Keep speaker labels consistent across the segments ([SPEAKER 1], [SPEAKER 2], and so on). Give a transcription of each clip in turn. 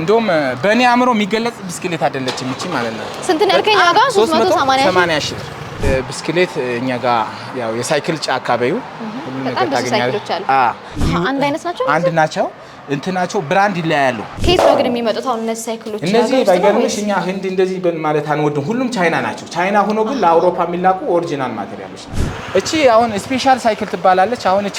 [SPEAKER 1] እንደውም በእኔ አእምሮ የሚገለጽ ብስክሌት አይደለች እቺ ማለት ነው።
[SPEAKER 2] ስንት ነው ያልከኝ? ዋጋ 380 ሺህ
[SPEAKER 1] ብር። ብስክሌት እኛ ጋር ያው የሳይክል ጫካ በዩ
[SPEAKER 2] ሁሉ ነገር ታገኛለች። አንድ አይነት ናቸው፣
[SPEAKER 1] አንድ ናቸው እንትናቸው ብራንድ ይለያያሉ።
[SPEAKER 2] ከየት ነው ግን የሚመጡት? አሁን እነዚህ ሳይክሎች
[SPEAKER 1] እነዚህ ባይገርምሽ እኛ ህንድ እንደዚህ ማለት አንወድም፣ ሁሉም ቻይና ናቸው። ቻይና ሆኖ ግን ለአውሮፓ የሚላኩ ኦሪጂናል ማቴሪያሎች ናቸው። እቺ አሁን ስፔሻል ሳይክል ትባላለች። አሁን እቺ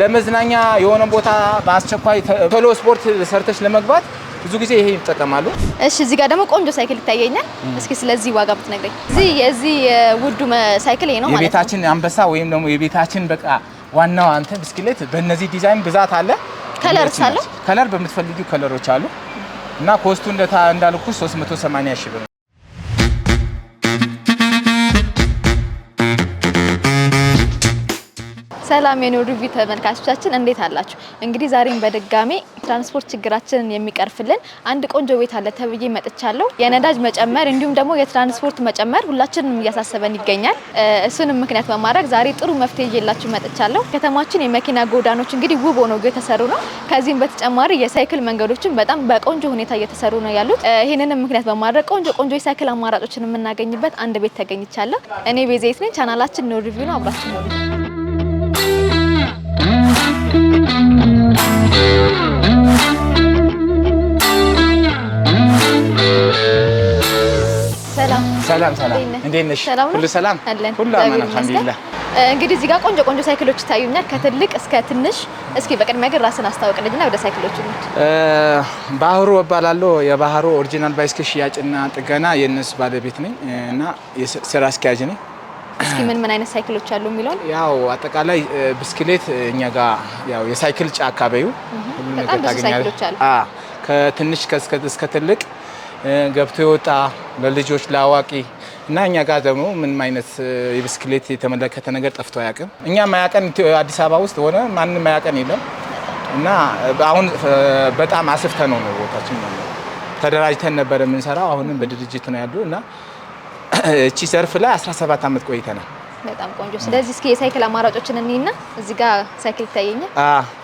[SPEAKER 1] ለመዝናኛ የሆነ ቦታ በአስቸኳይ ቶሎ ስፖርት ሰርተች ለመግባት ብዙ ጊዜ ይሄ ይጠቀማሉ።
[SPEAKER 2] እሺ፣ እዚህ ጋር ደግሞ ቆንጆ ሳይክል ይታየኛል። እስኪ ስለዚህ ዋጋ ብትነግረኝ። እዚህ የዚህ ውዱ ሳይክል ይሄ ነው ማለት
[SPEAKER 1] ነው። የቤታችን አንበሳ ወይም ደግሞ የቤታችን በቃ ዋናው አንተ ብስክሌት። በእነዚህ ዲዛይን ብዛት አለ፣ ከለር አለ። ከለር በምትፈልጊው ከለሮች አሉ እና ኮስቱ እንዳልኩ 380 ሺህ ብር
[SPEAKER 2] ሰላም የኖር ሪቪው ተመልካቾቻችን እንዴት አላችሁ? እንግዲህ ዛሬም በድጋሜ ትራንስፖርት ችግራችንን የሚቀርፍልን አንድ ቆንጆ ቤት አለ ተብዬ መጥቻለሁ። የነዳጅ መጨመር እንዲሁም ደግሞ የትራንስፖርት መጨመር ሁላችንም እያሳሰበን ይገኛል። እሱንም ምክንያት በማድረግ ዛሬ ጥሩ መፍትሄ እየላችሁ መጥቻለሁ። ከተማችን የመኪና ጎዳኖች እንግዲህ ውብ ሆኖ የተሰሩ ነው። ከዚህም በተጨማሪ የሳይክል መንገዶችን በጣም በቆንጆ ሁኔታ እየተሰሩ ነው ያሉት። ይህንንም ምክንያት በማድረግ ቆንጆ ቆንጆ የሳይክል አማራጮችን የምናገኝበት አንድ ቤት ተገኝቻለሁ። እኔ ቤዜት ነኝ። ቻናላችን ኖር ሪቪው ነው። አብራችሁ ሰላም
[SPEAKER 1] ሰላም፣ እንዴት ነሽ? ሁሉ ሰላም አለን። ሁሉ አማን አልሐምዱሊላህ።
[SPEAKER 2] እንግዲህ እዚህ ጋር ቆንጆ ቆንጆ ሳይክሎች ይታዩኛል፣ ከትልቅ እስከ ትንሽ። እስኪ በቅድሚያ ግን ራስን አስታውቅልኝና ወደ ሳይክሎች እንሂድ።
[SPEAKER 1] ባህሩ እባላለሁ። የባህሩ ኦሪጂናል ባይስክል ሽያጭና ጥገና የእነሱ ባለቤት ነኝ እና ስራ አስኪያጅ ነኝ።
[SPEAKER 2] እስኪ ምን ምን አይነት ሳይክሎች አሉ የሚለውን
[SPEAKER 1] ያው አጠቃላይ ብስክሌት እኛ ጋር ያው የሳይክል ጫካ በዩ
[SPEAKER 2] ሁሉ ነገር ታገኛለህ።
[SPEAKER 1] ከትንሽ እስከ ትልቅ ገብቶ የወጣ ለልጆች ለአዋቂ እና እኛ ጋር ደግሞ ምንም አይነት የብስክሌት የተመለከተ ነገር ጠፍቶ አያውቅም። እኛ ማያቀን አዲስ አበባ ውስጥ ሆነ ማንም ማያቀን የለም እና አሁን በጣም አስፍተ ነው ነው ቦታችን ተደራጅተን ነበር የምንሰራው። አሁንም በድርጅት ነው ያሉ እና እቺ ሰርፍ ላይ 17 ዓመት ቆይተናል።
[SPEAKER 2] በጣም ቆንጆ። ስለዚህ እስኪ የሳይክል አማራጮችን እንይና እዚህ ጋር ሳይክል ይታየኛል።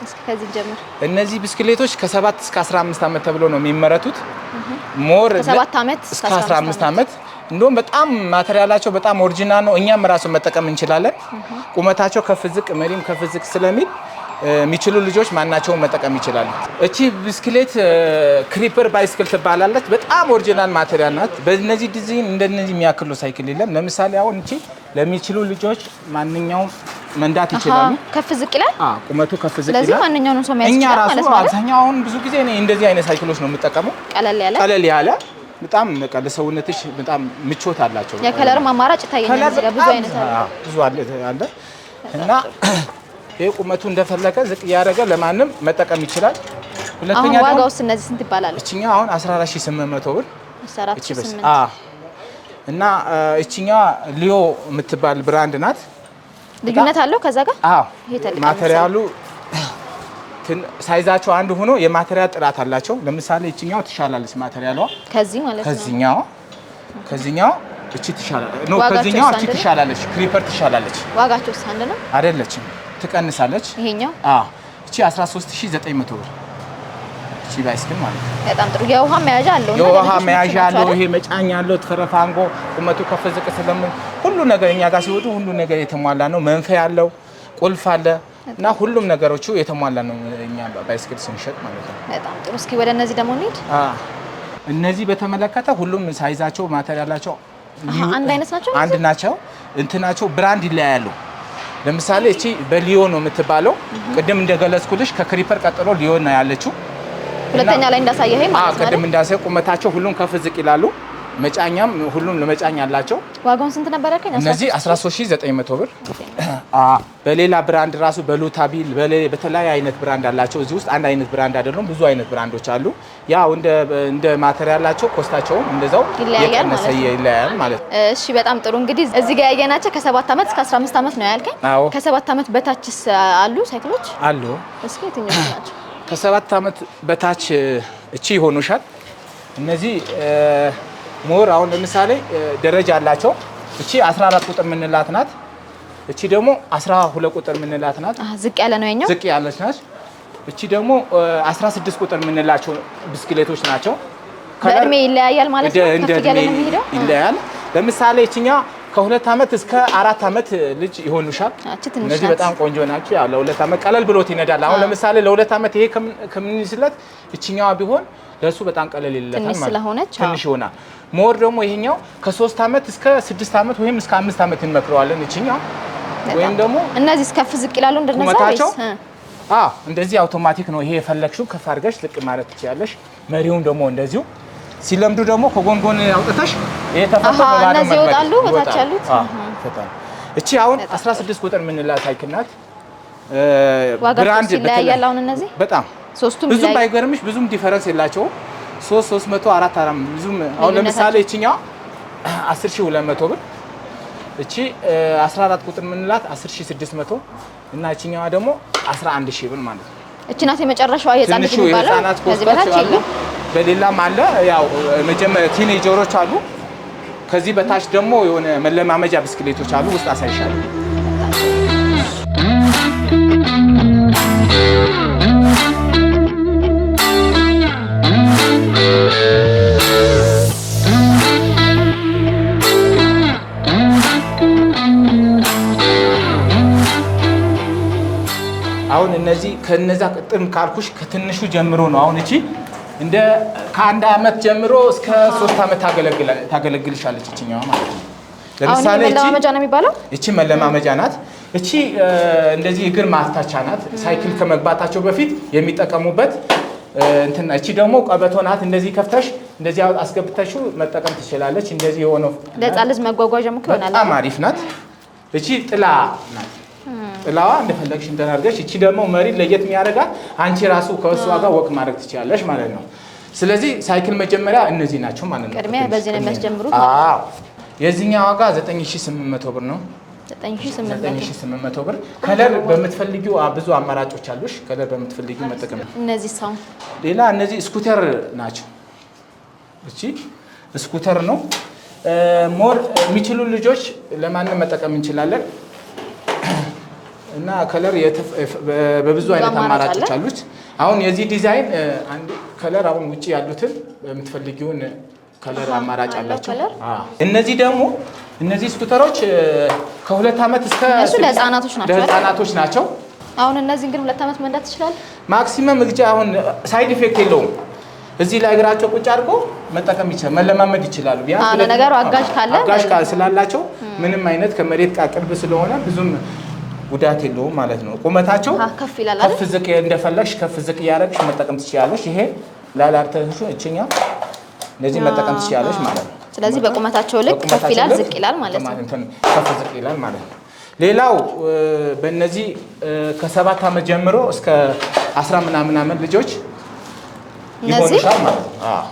[SPEAKER 2] እስኪ ከዚህ ጀምር።
[SPEAKER 1] እነዚህ ብስክሌቶች ከ7 እስከ 15 ዓመት ተብሎ ነው የሚመረቱት። ሞር ከ7 ዓመት እስከ 15 ዓመት እንደውም በጣም ማቴሪያላቸው በጣም ኦሪጂናል ነው። እኛም ራሱ መጠቀም እንችላለን። ቁመታቸው ከፍ ዝቅ መሪም ከፍ ዝቅ ስለሚል የሚችሉ ልጆች ማናቸውን መጠቀም ይችላሉ። እቺ ብስክሌት ክሪፐር ባይስክል ትባላለች። በጣም ኦሪጂናል ማቴሪያል ናት። በነዚህ ዲዛይን እንደነዚህ የሚያክሉ ሳይክል የለም። ለምሳሌ አሁን እቺ ለሚችሉ ልጆች ማንኛውም መንዳት ይችላሉ። ከፍ ዝቅ ይላል። ቁመቱ ከፍ ዝቅ
[SPEAKER 2] ይላል። ማንኛውንም ሰው
[SPEAKER 1] እኛ ራሱ አብዛኛው አሁን ብዙ ጊዜ እኔ እንደዚህ አይነት ሳይክሎች ነው የምጠቀመው። ቀለል ያለ ቀለል ያለ በጣም በቃ ለሰውነትሽ በጣም ምቾት አላቸው።
[SPEAKER 2] የከለርም አማራጭ ይታየኛል።
[SPEAKER 1] ብዙ አይነት አለ እና ይህ ቁመቱ እንደፈለገ ዝቅ እያደረገ ለማንም መጠቀም ይችላል።
[SPEAKER 2] ሁለተኛ ዋጋ ውስጥ እነዚህ ስንት ይባላል?
[SPEAKER 1] እችኛ አሁን 14800
[SPEAKER 2] ብር
[SPEAKER 1] እና እችኛዋ ሊዮ የምትባል ብራንድ ናት።
[SPEAKER 2] ልዩነት አለው ከዛ ጋር?
[SPEAKER 1] አዎ ማቴሪያሉ ሳይዛቸው አንድ ሆኖ የማቴሪያል ጥራት አላቸው። ለምሳሌ እችኛው ትሻላለች ማቴሪያሏ ከዚህ ማለት ነው። ከዚህኛው እቺ ትሻላለች፣ ነው ከዚኛው እቺ ትሻላለች፣ ክሪፐር ትሻላለች።
[SPEAKER 2] ዋጋቸው አንድ ነው
[SPEAKER 1] አይደለችም? ትቀንሳለች። ይሄኛው አዎ፣ እቺ 13900 ብር እቺ ባይስክል ማለት ነው።
[SPEAKER 2] በጣም ጥሩ። የውሃ መያዣ አለው፣
[SPEAKER 1] የውሃ መያዣ አለው፣ ይሄ መጫኛ አለው። ተረፋንጎ ቁመቱ ከፍ ዝቅ ስለምን ሁሉ ነገር እኛ ጋር ሲወጡ ሁሉ ነገር የተሟላ ነው። መንፈያ አለው፣ ቁልፍ አለ እና ሁሉም ነገሮቹ የተሟላ ነው። እኛ ባይስክል ስንሸጥ ማለት ነው።
[SPEAKER 2] በጣም ጥሩ። እስኪ ወደ እነዚህ ደግሞ እንሂድ።
[SPEAKER 1] እነዚህ በተመለከተ ሁሉም ሳይዛቸው ማቴሪያላቸው አንድ አይነት ናቸው። አንድ ናቸው። እንትናቸው ብራንድ ይለያያሉ። ለምሳሌ እቺ በሊዮ ነው የምትባለው። ቅድም እንደገለጽኩልሽ ከክሪፐር ቀጥሎ ሊዮ ነው ያለችው።
[SPEAKER 2] ሁለተኛ ላይ እንዳሳየኸኝ
[SPEAKER 1] ማለት ቅድም እንዳሳየ ቁመታቸው ሁሉም ከፍ ዝቅ ይላሉ። መጫኛም ሁሉም ለመጫኛ አላቸው።
[SPEAKER 2] ዋጋውን ስንት ነበር ያልከኝ?
[SPEAKER 1] እነዚህ 13900 ብር። በሌላ ብራንድ ራሱ በሉታቢል ቢል በተለያየ አይነት ብራንድ አላቸው። እዚህ ውስጥ አንድ አይነት ብራንድ አይደለም፣ ብዙ አይነት ብራንዶች አሉ። ያው እንደ እንደ ማቴሪያላቸው ኮስታቸውም እንደዛው የቀነሰ ይለያያል ማለት
[SPEAKER 2] ነው። እሺ፣ በጣም ጥሩ እንግዲህ እዚህ ጋር ያየናቸው ከ7 ዓመት እስከ 15 ዓመት ነው ያልከኝ። ከ7 ዓመት በታችስ አሉ ሳይክሎች አሉ? እስኪ የትኞቹ ናቸው?
[SPEAKER 1] ከ7 ዓመት በታች እቺ ይሆኑሻል እነዚህ ሞር አሁን ለምሳሌ ደረጃ አላቸው። እቺ 14 ቁጥር የምንላት ናት። እቺ ደግሞ 12 ቁጥር የምንላት ናት።
[SPEAKER 2] ዝቅ ያለ ነው የኛው
[SPEAKER 1] ዝቅ ያለች ናት። እቺ ደግሞ 16 ቁጥር የምንላቸው ብስክሌቶች ናቸው።
[SPEAKER 2] በእድሜ ይለያያል ማለት ነው። እንደ እድሜ
[SPEAKER 1] ይለያል። ለምሳሌ እችኛ ከሁለት ዓመት እስከ አራት ዓመት ልጅ ይሆኑሻል። እነዚህ በጣም ቆንጆ ናቸው። ያው ለሁለት ዓመት ቀለል ብሎት ይነዳል። አሁን ለምሳሌ ለሁለት ዓመት ይሄ ከምንስለት እችኛዋ ቢሆን ለእሱ በጣም ቀለል ይለታል
[SPEAKER 2] ማለት ትንሽ ስለሆነች
[SPEAKER 1] ትንሽ ይሆናል። ሞር ደግሞ ይሄኛው ከሶስት አመት እስከ ስድስት አመት ወይም እስከ አምስት አመት እንመክረዋለን። እችኛው ወይም ደግሞ
[SPEAKER 2] እነዚህ ከፍ ዝቅ ይላሉ
[SPEAKER 1] እንደነዛቸው። አዎ እንደዚህ አውቶማቲክ ነው። ይሄ የፈለግሽው ከፍ አድርገሽ ዝቅ ማለት ትችላለሽ። መሪውን ደግሞ እንደዚሁ ሲለምዱ ደግሞ ከጎንጎን አውጥተሽ ይሄ ተፈቶ
[SPEAKER 2] እነዚህ ይወጣሉ። በታች ያሉት
[SPEAKER 1] እቺ አሁን 16 ቁጥር የምንላት ሳይክል ናት። ብራንድ
[SPEAKER 2] ይለያያል። አሁን እነዚህ
[SPEAKER 1] በጣም ሶስቱም ብዙም ባይገርምሽ ብዙም ዲፈረንስ የላቸውም። ሶስት ሶስት መቶ አራት አራት ብዙም አሁን ለምሳሌ ይችኛዋ አስር ሺህ ሁለት መቶ ብር እቺ 14 ቁጥር የምንላት እና ደግሞ 11000 ብር ማለት ነው።
[SPEAKER 2] እቺ ናት የመጨረሻዋ የሚባለው። ከዚህ በታች
[SPEAKER 1] በሌላም አለ ያው መጀመሪያ ቲኔጀሮች አሉ። ከዚህ በታች ደግሞ የሆነ መለማመጃ ብስክሌቶች አሉ። ውስጥ አሳይሻለሁ። አሁን እነዚህ ከነዛ ቅጥም ካልኩሽ ከትንሹ ጀምሮ ነው። አሁን እቺ እንደ ከአንድ አመት ጀምሮ እስከ ሶስት አመት ታገለግልሻለች እችኛዋ ማለት ነው።
[SPEAKER 2] ለምሳሌ መለማመጃ ነው የሚባለው።
[SPEAKER 1] እቺ መለማመጃ ናት። እቺ እንደዚህ እግር ማስታቻ ናት። ሳይክል ከመግባታቸው በፊት የሚጠቀሙበት እንትና እቺ ደግሞ ቀበቶ ናት። እንደዚህ ከፍተሽ እንደዚህ አስገብተሽ መጠቀም ትችላለች። እንደዚህ የሆነ
[SPEAKER 2] ለሕፃን ልጅ መጓጓዣ
[SPEAKER 1] በጣም አሪፍ ናት። እቺ ጥላ ናት። ጥላዋ እንደፈለግሽ እንትን አድርገሽ፣ እቺ ደግሞ መሪ ለየት የሚያደርጋት አንቺ ራሱ ከእሷ ጋር ወቅ ማድረግ ትችላለሽ ማለት ነው። ስለዚህ ሳይክል መጀመሪያ እነዚህ ናቸው ማለት ነው።
[SPEAKER 2] ቅድሚያ በዚህ ነው የሚያስጀምሩት።
[SPEAKER 1] የዚህኛ ዋጋ 9800 ብር ነው። 9800 ብር። ከለር በምትፈልጊው ብዙ አማራጮች አሉሽ። ከለር በምትፈልጊው መጠቀም። እነዚህ ሰው ሌላ እነዚህ ስኩተር ናቸው። እቺ ስኩተር ነው። ሞር የሚችሉ ልጆች ለማንም መጠቀም እንችላለን እና ከለር በብዙ አይነት አማራጮች አሉት። አሁን የዚህ ዲዛይን ከለር አሁን ውጭ ያሉትን በምትፈልጊውን ከለር አማራጭ አላቸው። እነዚህ ደግሞ እነዚህ ስኩተሮች ከሁለት ዓመት እስከ ለህፃናቶች ናቸው ለህፃናቶች ናቸው።
[SPEAKER 2] አሁን እነዚህን ግን ሁለት ዓመት መንዳት ይችላል።
[SPEAKER 1] ማክሲመም እግጫ አሁን ሳይድ ኢፌክት የለውም። እዚህ ላይ እግራቸው ቁጭ አድርጎ መጠቀም ይችላል፣ መለማመድ ይችላሉ።
[SPEAKER 2] ነገሩ አጋዥ ካለ
[SPEAKER 1] አጋዥ ስላላቸው ምንም አይነት ከመሬት ጋር ቅርብ ስለሆነ ብዙም ጉዳት የለውም ማለት ነው። ቁመታቸው ከፍ ይላል። ከፍ ዝቅ እንደፈለግሽ ከፍ ዝቅ እያደረግሽ መጠቀም ትችላለሽ። ይሄ ላላርተሽ እችኛ እነዚህ መጠቀም ትችላለሽ ማለት ነው።
[SPEAKER 2] ስለዚህ በቁመታቸው ልክ ከፍ ይላል ዝቅ ይላል ማለት ነው።
[SPEAKER 1] ከፍ ዝቅ ይላል ማለት ነው። ሌላው በእነዚህ ከሰባት ዓመት ጀምሮ እስከ አስራ ምናምን ዓመት ልጆች ይሆንሻል ማለት ነው።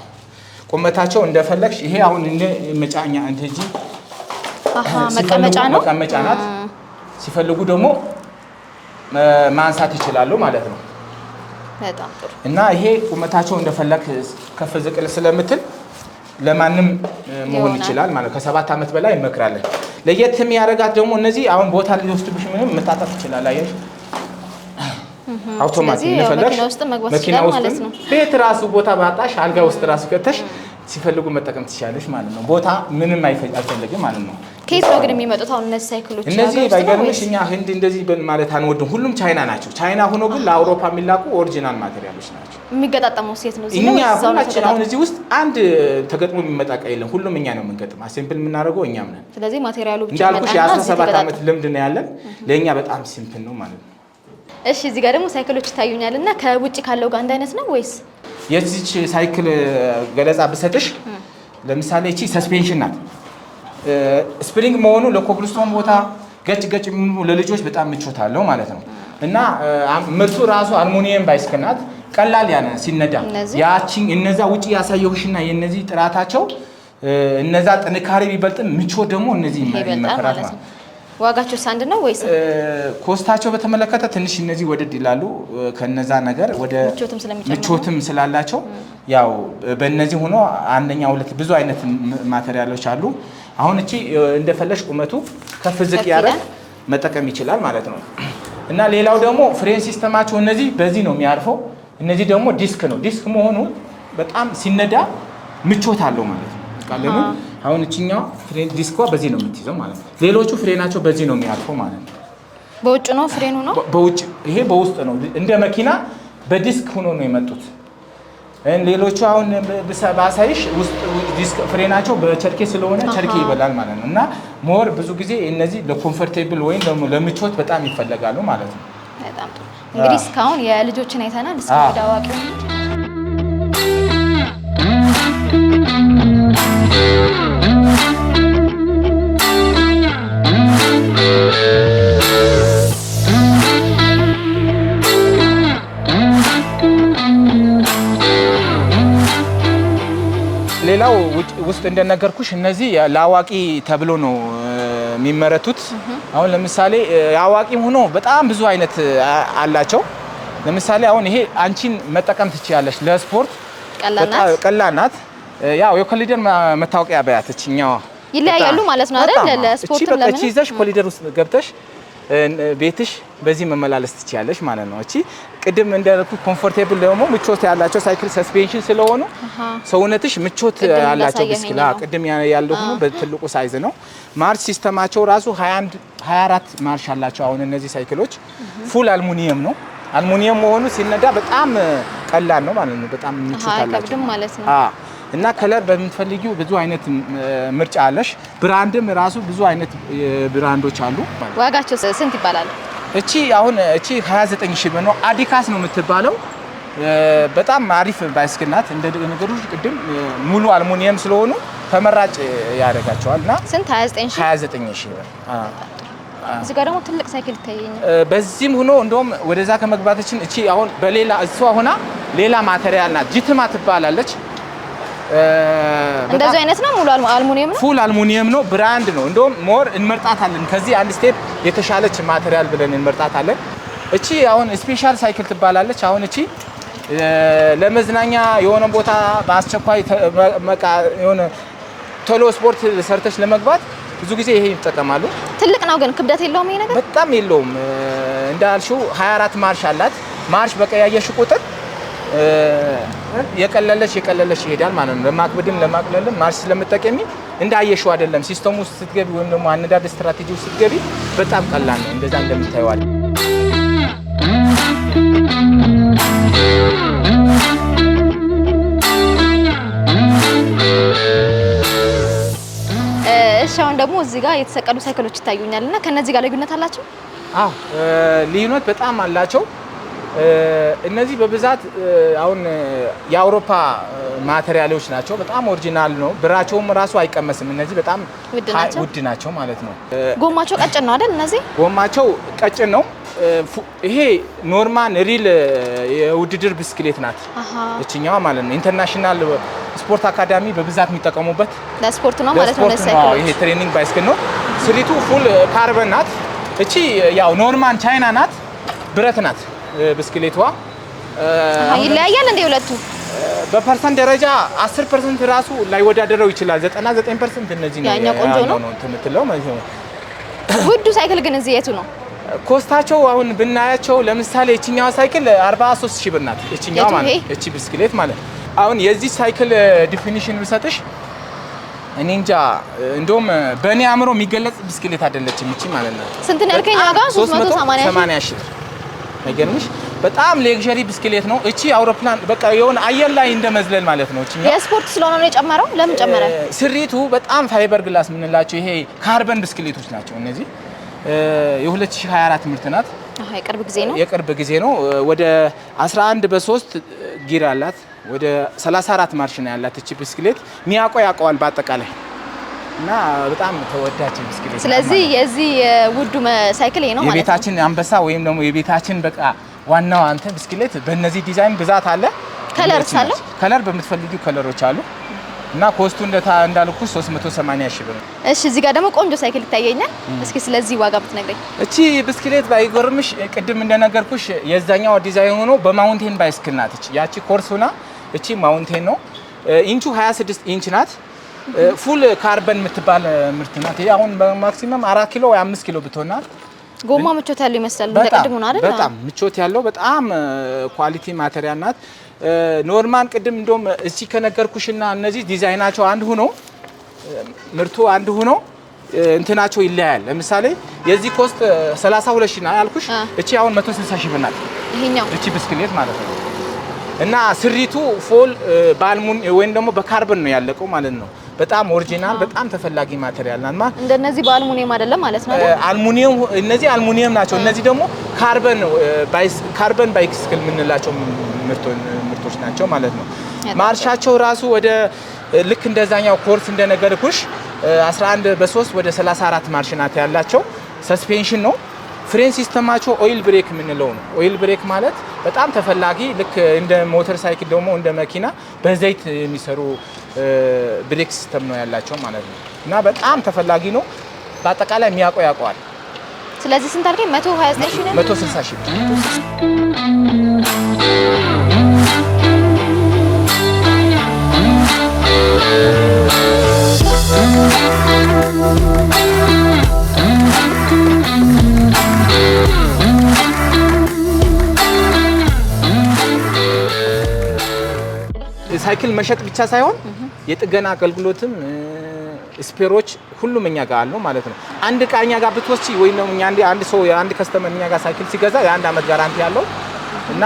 [SPEAKER 1] ቁመታቸው እንደፈለግሽ ይሄ አሁን መጫኛ እንጂ
[SPEAKER 2] መቀመጫ ነው
[SPEAKER 1] መቀመጫ ናት። ሲፈልጉ ደግሞ ማንሳት ይችላሉ ማለት ነው። እና ይሄ ቁመታቸው እንደፈለግ ከፍ ዝቅል ስለምትል ለማንም መሆን ይችላል ማለት ከሰባት ዓመት በላይ እንመክራለን። ለየት የሚያደርጋት ደግሞ እነዚህ አሁን ቦታ ሊወስድብሽ ምንም መታጠፍ ይችላል። አየሽ አውቶማቲክ መኪና ውስጥ ቤት ራሱ ቦታ ባጣሽ አልጋ ውስጥ ራሱ ከተሽ ሲፈልጉ መጠቀም ትችላለች ማለት ነው። ቦታ ምንም አይፈልግም ማለት ነው።
[SPEAKER 2] ከየት ነው ግን የሚመጡት አሁን እነዚህ ሳይክሎች?
[SPEAKER 1] እነዚህ ባይገርምሽ እኛ ህንድ እንደዚህ ማለት አንወድም። ሁሉም ቻይና ናቸው። ቻይና ሆኖ ግን ለአውሮፓ የሚላኩ ኦሪጂናል ማቴሪያሎች ናቸው።
[SPEAKER 2] የሚገጣጠመው ሴት ነው።
[SPEAKER 1] እኛ ሁላችን አሁን እዚህ ውስጥ አንድ ተገጥሞ የሚመጣ የለም። ሁሉም እኛ ነው የምንገጥም። ሲምፕል የምናደርገው እኛም ነን።
[SPEAKER 2] ስለዚህ ማቴሪያሉ
[SPEAKER 1] እንዳልኩሽ የአስራ ሰባት ዓመት ልምድ ነው ያለን። ለእኛ በጣም ሲምፕል ነው ማለት ነው።
[SPEAKER 2] እሺ እዚህ ጋር ደግሞ ሳይክሎች ይታዩኛል እና ከውጭ ካለው ጋር አንድ አይነት ነው ወይስ
[SPEAKER 1] የዚች ሳይክል ገለጻ ብሰጥሽ ለምሳሌ እቺ ሰስፔንሽን ናት። ስፕሪንግ መሆኑ ለኮብልስቶን ቦታ ገጭ ገጭ ለልጆች በጣም ምቾት አለው ማለት ነው። እና ምርቱ ራሱ አልሙኒየም ባይስክል ናት። ቀላል ያነ ሲነዳ ያቺን እነዛ ውጭ ያሳየሁሽና የነዚህ ጥራታቸው እነዛ ጥንካሬ ቢበልጥም ምቾት ደግሞ እነዚህ ይመከራት ማለት ነው።
[SPEAKER 2] ዋጋቸው ሳንድ ነው ወይስ
[SPEAKER 1] ኮስታቸው በተመለከተ ትንሽ እነዚህ ወደድ ይላሉ። ከነዛ ነገር ወደ ምቾትም ስላላቸው ያው በእነዚህ ሆኖ አንደኛ ሁለት ብዙ አይነት ማቴሪያሎች አሉ። አሁን እቺ እንደፈለሽ ቁመቱ ከፍ ዝቅ ያደረግ መጠቀም ይችላል ማለት ነው። እና ሌላው ደግሞ ፍሬን ሲስተማቸው እነዚህ በዚህ ነው የሚያርፈው። እነዚህ ደግሞ ዲስክ ነው። ዲስክ መሆኑ በጣም ሲነዳ ምቾት አለው ማለት ነው። አሁን እችኛው ፍሬን ዲስኳ በዚህ ነው የምትይዘው ማለት ነው። ሌሎቹ ፍሬናቸው በዚህ ነው የሚያልፈው ማለት ነው።
[SPEAKER 2] በውጭ ነው ፍሬኑ ነው
[SPEAKER 1] በውጭ፣ ይሄ በውስጥ ነው። እንደ መኪና በዲስክ ሆኖ ነው የመጡት። ሌሎቹ አሁን ባሳይሽ ውስጥ ዲስክ ፍሬናቸው በቸርኬ ስለሆነ ቸርኬ ይበላል ማለት ነው። እና ሞር ብዙ ጊዜ እነዚህ ለኮምፈርቴብል ወይም ለምቾት በጣም ይፈለጋሉ ማለት ነው።
[SPEAKER 2] በጣም ጥሩ እንግዲህ እስካሁን የልጆችን አይተናል። እስከ ወደ አዋቂ
[SPEAKER 1] ሌላው ውስጥ እንደነገርኩሽ እነዚህ ለአዋቂ ተብሎ ነው የሚመረቱት። አሁን ለምሳሌ አዋቂም ሆኖ በጣም ብዙ አይነት አላቸው። ለምሳሌ አሁን ይሄ አንቺን መጠቀም ትችያለሽ። ለስፖርት ቀላናት። ያው የኮሊደር መታወቂያ በያተች እኛዋ
[SPEAKER 2] ይለያያሉ ማለት ነው
[SPEAKER 1] አይደል? ለስፖርት ለምን እቺ ይዘሽ ኮሊደር ውስጥ ገብተሽ ቤትሽ በዚህ መመላለስ ትችያለሽ ማለት ነው። እቺ ቅድም እንደረኩ ኮምፎርቴብል ደግሞ ምቾት ያላቸው ሳይክል ሰስፔንሽን ስለሆኑ ሰውነትሽ ምቾት ያላቸው ብስክላ ቅድም ያለው ሆኖ በትልቁ ሳይዝ ነው። ማርሽ ሲስተማቸው ራሱ 21 24 ማርሽ አላቸው። አሁን እነዚህ ሳይክሎች ፉል አልሙኒየም ነው። አልሙኒየም መሆኑ ሲነዳ በጣም ቀላል ነው ማለት ነው። በጣም ምቾት
[SPEAKER 2] አላቸው ማለት ነው።
[SPEAKER 1] እና ከለር በምትፈልጊው ብዙ አይነት ምርጫ አለሽ። ብራንድም ራሱ ብዙ አይነት ብራንዶች አሉ።
[SPEAKER 2] ዋጋቸው ስንት ይባላል?
[SPEAKER 1] እቺ አሁን እቺ 29 ሺህ ብር ነው። አዲካስ ነው የምትባለው። በጣም አሪፍ ባይስክል ናት። እንደ ነገሮች ቅድም ሙሉ አልሙኒየም ስለሆኑ ተመራጭ ያደርጋቸዋል። እና ስንት 29 ሺህ ብር
[SPEAKER 2] እዚህ ጋር ደግሞ ትልቅ ሳይክል ይታየኛል።
[SPEAKER 1] በዚህም ሆኖ እንደውም ወደዛ ከመግባታችን እቺ አሁን በሌላ እሷ ሆና ሌላ ማቴሪያል ናት። ጅትማ ትባላለች።
[SPEAKER 2] እንደዚህ አይነት ነው። ሙሉ አልሙኒየም ነው።
[SPEAKER 1] ፉል አልሙኒየም ነው። ብራንድ ነው። እንደውም ሞር እንመርጣታለን። ከዚህ አንድ ስቴፕ የተሻለች ማቴሪያል ብለን እንመርጣታለን። እቺ አሁን ስፔሻል ሳይክል ትባላለች። አሁን እቺ ለመዝናኛ የሆነ ቦታ በአስቸኳይ የሆነ ቶሎ ስፖርት ሰርተች ለመግባት ብዙ ጊዜ ይሄ ይጠቀማሉ።
[SPEAKER 2] ትልቅ ነው ግን ክብደት የለውም። ይሄ ነገር
[SPEAKER 1] በጣም የለውም። እንዳልሽው 24 ማርሽ አላት። ማርሽ በቀያየሽ ቁጥር የቀለለሽ የቀለለሽ ይሄዳል ማለት ነው። ለማክበድም ለማቅለልም ማርሽ ስለምጠቀሚ እንዳየሽው አይደለም። ሲስተሙ ውስጥ ስትገቢ ወይም ደግሞ አነዳድ ስትራቴጂ ውስጥ ስትገቢ በጣም ቀላል ነው። እንደዛ እንደምታየዋል።
[SPEAKER 2] እሺ፣ አሁን ደግሞ እዚህ ጋር የተሰቀሉ ሳይክሎች ይታዩኛል እና ከነዚህ ጋር ልዩነት አላቸው?
[SPEAKER 1] አዎ ልዩነት በጣም አላቸው። እነዚህ በብዛት አሁን የአውሮፓ ማቴሪያሎች ናቸው። በጣም ኦሪጂናል ነው። ብራቸውም ራሱ አይቀመስም። እነዚህ በጣም ውድ ናቸው ማለት ነው።
[SPEAKER 2] ጎማቸው ቀጭን ነው አይደል? እነዚህ
[SPEAKER 1] ጎማቸው ቀጭን ነው። ይሄ ኖርማን ሪል የውድድር ብስክሌት ናት እችኛዋ ማለት ነው። ኢንተርናሽናል ስፖርት አካዳሚ በብዛት የሚጠቀሙበት
[SPEAKER 2] ለስፖርት ነው ማለት
[SPEAKER 1] ነው። ይሄ ትሬኒንግ ባይስክል ነው። ስሪቱ ፉል ካርበን ናት። እቺ ያው ኖርማን ቻይና ናት። ብረት ናት። ብስክሌቷ
[SPEAKER 2] ይለያያል እንደ ሁለቱ
[SPEAKER 1] በፐርሰንት ደረጃ 10% ራሱ ላይ ወዳደረው ይችላል። 99% እነዚህ ነው
[SPEAKER 2] ያኛው ቆንጆ ነው ነው
[SPEAKER 1] የምትለው ማለት ነው።
[SPEAKER 2] ውዱ ሳይክል ግን እዚህ የቱ ነው
[SPEAKER 1] ኮስታቸው? አሁን ብናያቸው ለምሳሌ እቺኛዋ ሳይክል 43 ሺህ ብር ናት። እቺኛዋ ማለት እቺ ብስክሌት ማለት አሁን የዚህ ሳይክል ዲፊኒሽን ብሰጥሽ እኔ እንጃ እንደውም በእኔ አእምሮ የሚገለጽ ብስክሌት አይደለችም እቺ ማለት ነው።
[SPEAKER 2] ስንት ነው ያልከኝ ዋጋ? 380
[SPEAKER 1] ሺህ አይገርምሽ? በጣም ሌክዠሪ ብስክሌት ነው እቺ። አውሮፕላን በቃ የሆነ አየር ላይ እንደ መዝለል ማለት ነው። እቺ
[SPEAKER 2] የስፖርት ስለሆነ ነው የጨመረው። ለምን ጨመረ?
[SPEAKER 1] ስሪቱ በጣም ፋይበር ግላስ የምንላቸው ይሄ ካርበን ብስክሌቶች ናቸው እነዚህ። የ2024 ምርት ናት። የቅርብ ጊዜ ነው። የቅርብ ጊዜ ነው። ወደ 11 በ3 ጊር አላት። ወደ 34 ማርሽ ነው ያላት እቺ ብስክሌት። ሚያቆ ያውቀዋል በአጠቃላይ እና በጣም ተወዳጅ ብስክሌት።
[SPEAKER 2] ስለዚህ የዚህ ውዱ ሳይክል ነው ማለት
[SPEAKER 1] የቤታችን አንበሳ ወይም ደግሞ የቤታችን በቃ ዋናው አንተ ብስክሌት። በእነዚህ ዲዛይን ብዛት አለ፣ ከለርስ አለ። ከለር በምትፈልጊ ከለሮች አሉ እና ኮስቱ እንዳልኩ 380 ሺህ ብር ነው።
[SPEAKER 2] እሺ እዚህ ጋር ደግሞ ቆንጆ ሳይክል ይታየኛል። እስኪ ስለዚህ ዋጋ ብትነግረኝ።
[SPEAKER 1] እቺ ብስክሌት ባይጎርምሽ ቅድም እንደነገርኩሽ የዛኛው ዲዛይን ሆኖ በማውንቴን ባይስክል ናት። እቺ ያቺ ኮርስ ሆና እቺ ማውንቴን ነው። ኢንቹ 26 ኢንች ናት። ፉል ካርበን የምትባል ምርት ናት። ይሄ አሁን ማክሲመም አራት ኪሎ ወይ አምስት ኪሎ ብትሆናት
[SPEAKER 2] ጎማ ምቾት ያለው ይመስላል።
[SPEAKER 1] እንደቀድሙ ነው አይደል? በጣም ምቾት ያለው በጣም ኳሊቲ ማቴሪያል ናት። ኖርማን ቅድም እንደውም እዚህ ከነገርኩሽና እነዚህ ዲዛይናቸው አንድ ሆኖ ምርቱ አንድ ሁኖ እንትናቸው ይለያል። ለምሳሌ የዚህ ኮስት 32 ሺህ ያልኩሽ እቺ አሁን 160 ሺህ ብር ይሄኛው እቺ ብስክሌት ማለት ነው። እና ስሪቱ ፎል ባልሙን ወይም ደግሞ በካርበን ነው ያለቀው ማለት ነው። በጣም ኦሪጂናል በጣም ተፈላጊ ማቴሪያል ናት።
[SPEAKER 2] እንደነዚህ በአልሙኒየም አይደለም ማለት ነው።
[SPEAKER 1] አልሙኒየም እነዚህ አልሙኒየም ናቸው። እነዚህ ደግሞ ካርበን ካርበን ባይክስክል የምንላቸው ምርቶች ናቸው ማለት ነው። ማርሻቸው ራሱ ወደ ልክ እንደዛኛው ኮርስ እንደነገርኩሽ 11 በ3 ወደ 34 ማርሽ ናት ያላቸው ሰስፔንሽን ነው ፍሬን ሲስተማቸው ኦይል ብሬክ የምንለው ነው። ኦይል ብሬክ ማለት በጣም ተፈላጊ ልክ እንደ ሞተር ሳይክል ደግሞ እንደ መኪና በዘይት የሚሰሩ ብሬክ ሲስተም ነው ያላቸው ማለት ነው። እና በጣም ተፈላጊ ነው። በአጠቃላይ የሚያውቀው ያውቀዋል።
[SPEAKER 2] ስለዚህ ስንት አልከኝ? 129 ሺህ
[SPEAKER 1] 160 ሺህ ሳይክል መሸጥ ብቻ ሳይሆን የጥገና አገልግሎትም ስፔሮች ሁሉም እኛ ጋር አሉ ማለት ነው። አንድ እቃ እኛ ጋር ብትወስጂ ወይም አንድ ሰው አንድ ከስተመር እኛ ጋር ሳይክል ሲገዛ የአንድ አመት ጋራንቲ ያለው እና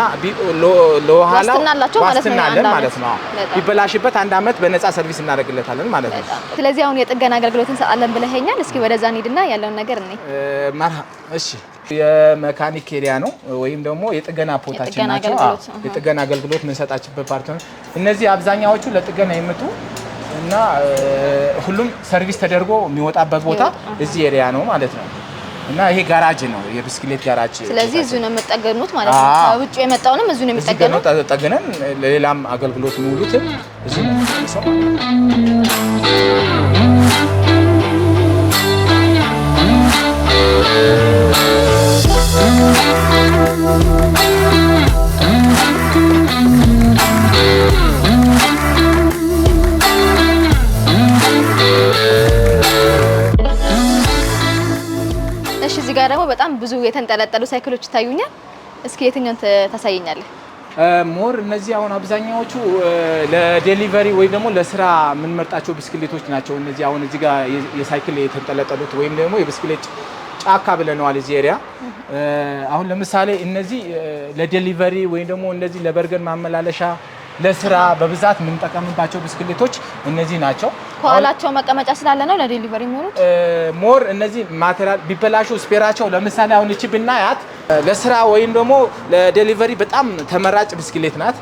[SPEAKER 1] ለኋላ ዋስትና ማለት ነው። ቢበላሽበት አንድ አመት በነፃ ሰርቪስ እናደርግለታለን ማለት ነው።
[SPEAKER 2] ስለዚህ አሁን የጥገና አገልግሎት እንሰጣለን ብለኸኛል። እስኪ ወደዛ እንሂድና ያለውን ነገር እኔ
[SPEAKER 1] እሺ የመካኒክ ኤሪያ ነው ወይም ደግሞ የጥገና ፖታችን ናቸው። የጥገና አገልግሎት የምንሰጣችበት ፓርት ነው። እነዚህ አብዛኛዎቹ ለጥገና የመጡ እና ሁሉም ሰርቪስ ተደርጎ የሚወጣበት ቦታ እዚህ ኤሪያ ነው ማለት ነው። እና ይሄ ጋራጅ ነው፣ የብስክሌት ጋራጅ።
[SPEAKER 2] ስለዚህ እዚሁ ነው የምጠገኑት ማለት ነው። ከውጭ የመጣውንም እዚሁ ነው የሚጠገኑት።
[SPEAKER 1] ጠግነን ለሌላም አገልግሎት የሚውሉትን እዚሁ ነው ሰው ማለት ነው።
[SPEAKER 2] እዚህ ጋር ደግሞ በጣም ብዙ የተንጠለጠሉ ሳይክሎች ይታዩኛል። እስኪ የትኛውን ታሳየኛለህ?
[SPEAKER 1] ሞር እነዚህ አሁን አብዛኛዎቹ ለዴሊቨሪ ወይም ደግሞ ለስራ የምንመርጣቸው ብስክሌቶች ናቸው። እነዚህ አሁን እዚህ ጋር የሳይክል የተንጠለጠሉት ወይም ደግሞ የብስክሌት ጫካ ብለነዋል እዚህ ኤሪያ። አሁን ለምሳሌ እነዚህ ለዴሊቨሪ ወይም ደግሞ እነዚህ ለበርገን ማመላለሻ ለስራ በብዛት የምንጠቀምባቸው ብስክሌቶች እነዚህ ናቸው።
[SPEAKER 2] ከኋላቸው መቀመጫ ስላለ ነው ለዴሊቨሪ የሚሆኑት።
[SPEAKER 1] ሞር እነዚህ ማቴሪያል ቢበላሹ ስፔራቸው፣ ለምሳሌ አሁን እቺ ብናያት ለስራ ወይም ደግሞ ለዴሊቨሪ በጣም ተመራጭ ብስክሌት ናት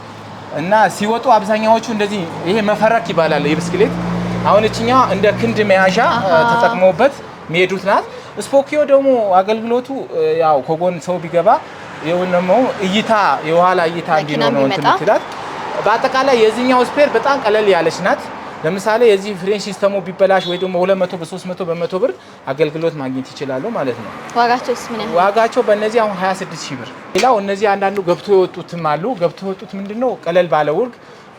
[SPEAKER 1] እና ሲወጡ አብዛኛዎቹ እንደዚህ ይሄ መፈረክ ይባላል የብስክሌት አሁን እችኛ እንደ ክንድ መያዣ ተጠቅሞበት የሚሄዱት ናት። ስፖኪዮ ደግሞ አገልግሎቱ ያው ከጎን ሰው ቢገባ ይሁን ደግሞ እይታ የኋላ እይታ እንዲኖር ነው በአጠቃላይ የዚህኛው ስፔር በጣም ቀለል ያለች ናት። ለምሳሌ የዚህ ፍሬን ሲስተሙ ቢበላሽ ወይ ደግሞ 200 በ300 በመቶ ብር አገልግሎት ማግኘት ይችላሉ ማለት ነው።
[SPEAKER 2] ዋጋቸውስ ምን ያህል?
[SPEAKER 1] ዋጋቸው በእነዚህ አሁን 26 ሺህ ብር። ሌላው እነዚህ አንዳንዱ ገብቶ የወጡትም አሉ። ገብቶ የወጡት ምንድነው ቀለል ባለ ውርግ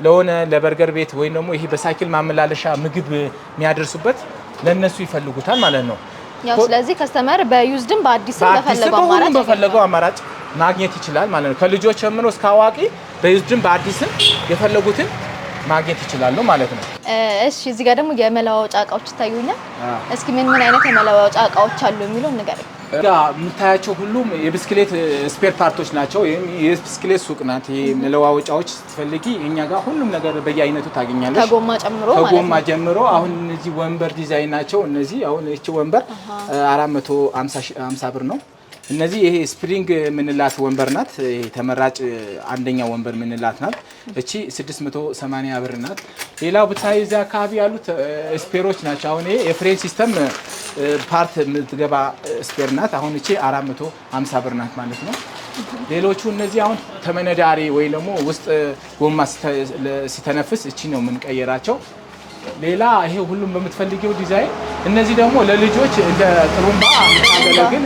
[SPEAKER 1] ለሆነ ለበርገር ቤት ወይም ደግሞ ይሄ በሳይክል ማመላለሻ ምግብ የሚያደርሱበት ለነሱ ይፈልጉታል ማለት ነው።
[SPEAKER 2] ያው ስለዚህ ከስተመር በዩዝድም በአዲስም
[SPEAKER 1] በፈለገው አማራጭ ማግኘት ይችላል ማለት ነው። ከልጆች ጀምሮ እስከ አዋቂ በዩዝድም በአዲስም የፈለጉትን ማግኘት ይችላሉ ማለት ነው።
[SPEAKER 2] እሺ እዚህ ጋር ደግሞ የመለዋወጫ እቃዎች ይታዩኛል። እስኪ ምን ምን አይነት የመለዋወጫ እቃዎች አሉ የሚለው ንገረኝ።
[SPEAKER 1] የምታያቸው ሁሉም የብስክሌት ስፔር ፓርቶች ናቸው። የብስክሌት ሱቅ ናት። መለዋወጫዎች ስትፈልጊ እኛ ጋር ሁሉም ነገር በየአይነቱ ታገኛለች።
[SPEAKER 2] ከጎማ ጨምሮ
[SPEAKER 1] ከጎማ ጀምሮ አሁን እነዚህ ወንበር ዲዛይን ናቸው። እነዚህ አሁን እቺ ወንበር 450 ብር ነው። እነዚህ ይሄ ስፕሪንግ ምንላት ወንበር ናት። ተመራጭ አንደኛ ወንበር ምንላት ናት። እቺ 680 ብር ናት። ሌላው ብታይ እዚህ አካባቢ ያሉት ስፔሮች ናቸው። አሁን ይሄ የፍሬን ሲስተም ፓርት የምትገባ ስፔር ናት። አሁን እቺ 450 ብር ናት ማለት ነው። ሌሎቹ እነዚህ አሁን ተመነዳሪ ወይ ደግሞ ውስጥ ጎማ ሲተነፍስ እቺ ነው የምንቀየራቸው። ሌላ ይሄ ሁሉም በምትፈልጊው ዲዛይን። እነዚህ ደግሞ ለልጆች እንደ ጥሩምባ ግን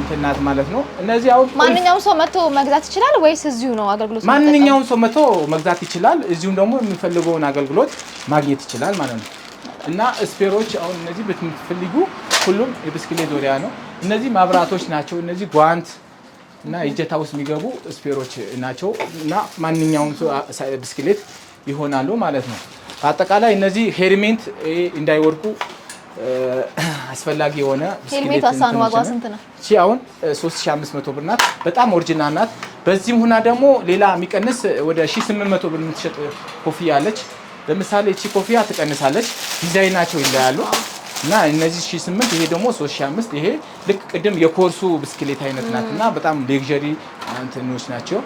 [SPEAKER 1] እንትናት ናት ማለት ነው።
[SPEAKER 2] እነዚህ አሁን ማንኛውም ሰው መጥቶ መግዛት ይችላል ወይስ እዚሁ ነው አገልግሎት?
[SPEAKER 1] ማንኛውም ሰው መጥቶ መግዛት ይችላል። እዚሁም ደግሞ የሚፈልገውን አገልግሎት ማግኘት ይችላል ማለት ነው። እና ስፔሮች አሁን እነዚህ ብትፈልጉ ሁሉም የብስክሌት ዙሪያ ነው። እነዚህ ማብራቶች ናቸው። እነዚህ ጓንት እና እጀታ ውስጥ የሚገቡ ስፔሮች ናቸው እና ማንኛውም ብስክሌት ይሆናሉ ማለት ነው። በአጠቃላይ እነዚህ ሄልሜት እንዳይወድቁ አስፈላጊ የሆነ
[SPEAKER 2] ሄልሜት ዋሳን ዋጋ ስንት ነው?
[SPEAKER 1] እቺ አሁን 3500 ብር ናት። በጣም ኦሪጂናል ናት። በዚህም ሁና ደግሞ ሌላ የሚቀንስ ወደ 1800 ብር የምትሸጥ ኮፍያ አለች። ለምሳሌ እቺ ኮፍያ ትቀንሳለች። ዲዛይናቸው ይለያሉ እና እነዚህ 1800 ይሄ ደግሞ 3500 ይሄ ልክ ቅድም የኮርሱ ብስክሌት አይነት ናት እና በጣም ሌክዠሪ እንትኖች ናቸው።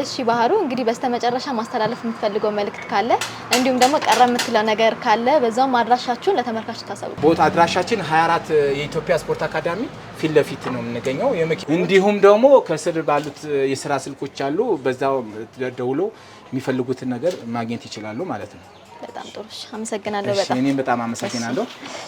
[SPEAKER 2] እሺ ባህሩ እንግዲህ በስተመጨረሻ ማስተላለፍ የምትፈልገው መልእክት ካለ እንዲሁም ደግሞ ቀረ የምትለው ነገር ካለ በዛውም አድራሻችሁን ለተመልካች ታሳውቁ።
[SPEAKER 1] ቦታ አድራሻችን 24 የኢትዮጵያ ስፖርት አካዳሚ ፊት ለፊት ነው የምንገኘው። እንዲሁም ደግሞ ከስር ባሉት የስራ ስልኮች አሉ። በዛው ደውሎ የሚፈልጉትን ነገር ማግኘት ይችላሉ ማለት ነው።
[SPEAKER 2] በጣም ጥሩ አመሰግናለሁ።
[SPEAKER 1] በጣም እኔም በጣም አመሰግናለሁ።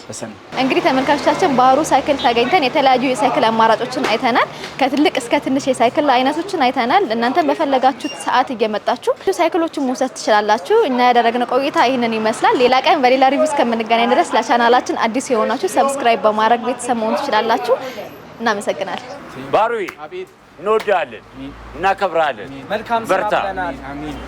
[SPEAKER 2] በሰን እንግዲህ ተመልካቾቻችን ባህሩ ሳይክል ተገኝተን የተለያዩ የሳይክል አማራጮችን አይተናል። ከትልቅ እስከ ትንሽ የሳይክል አይነቶችን አይተናል። እናንተን በፈለጋችሁት ሰዓት እየመጣችሁ ሳይክሎችን መውሰድ ትችላላችሁ። እኛ ያደረግነው ቆይታ ይህንን ይመስላል። ሌላ ቀን በሌላ ሪቪው እስከምንገናኝ ድረስ ለቻናላችን አዲስ የሆናችሁ ሰብስክራይብ በማድረግ ቤተሰብ መሆን ትችላላችሁ። እናመሰግናለን። ባህሩ እንወዳለን፣ እናከብራለን። መልካም በርታ።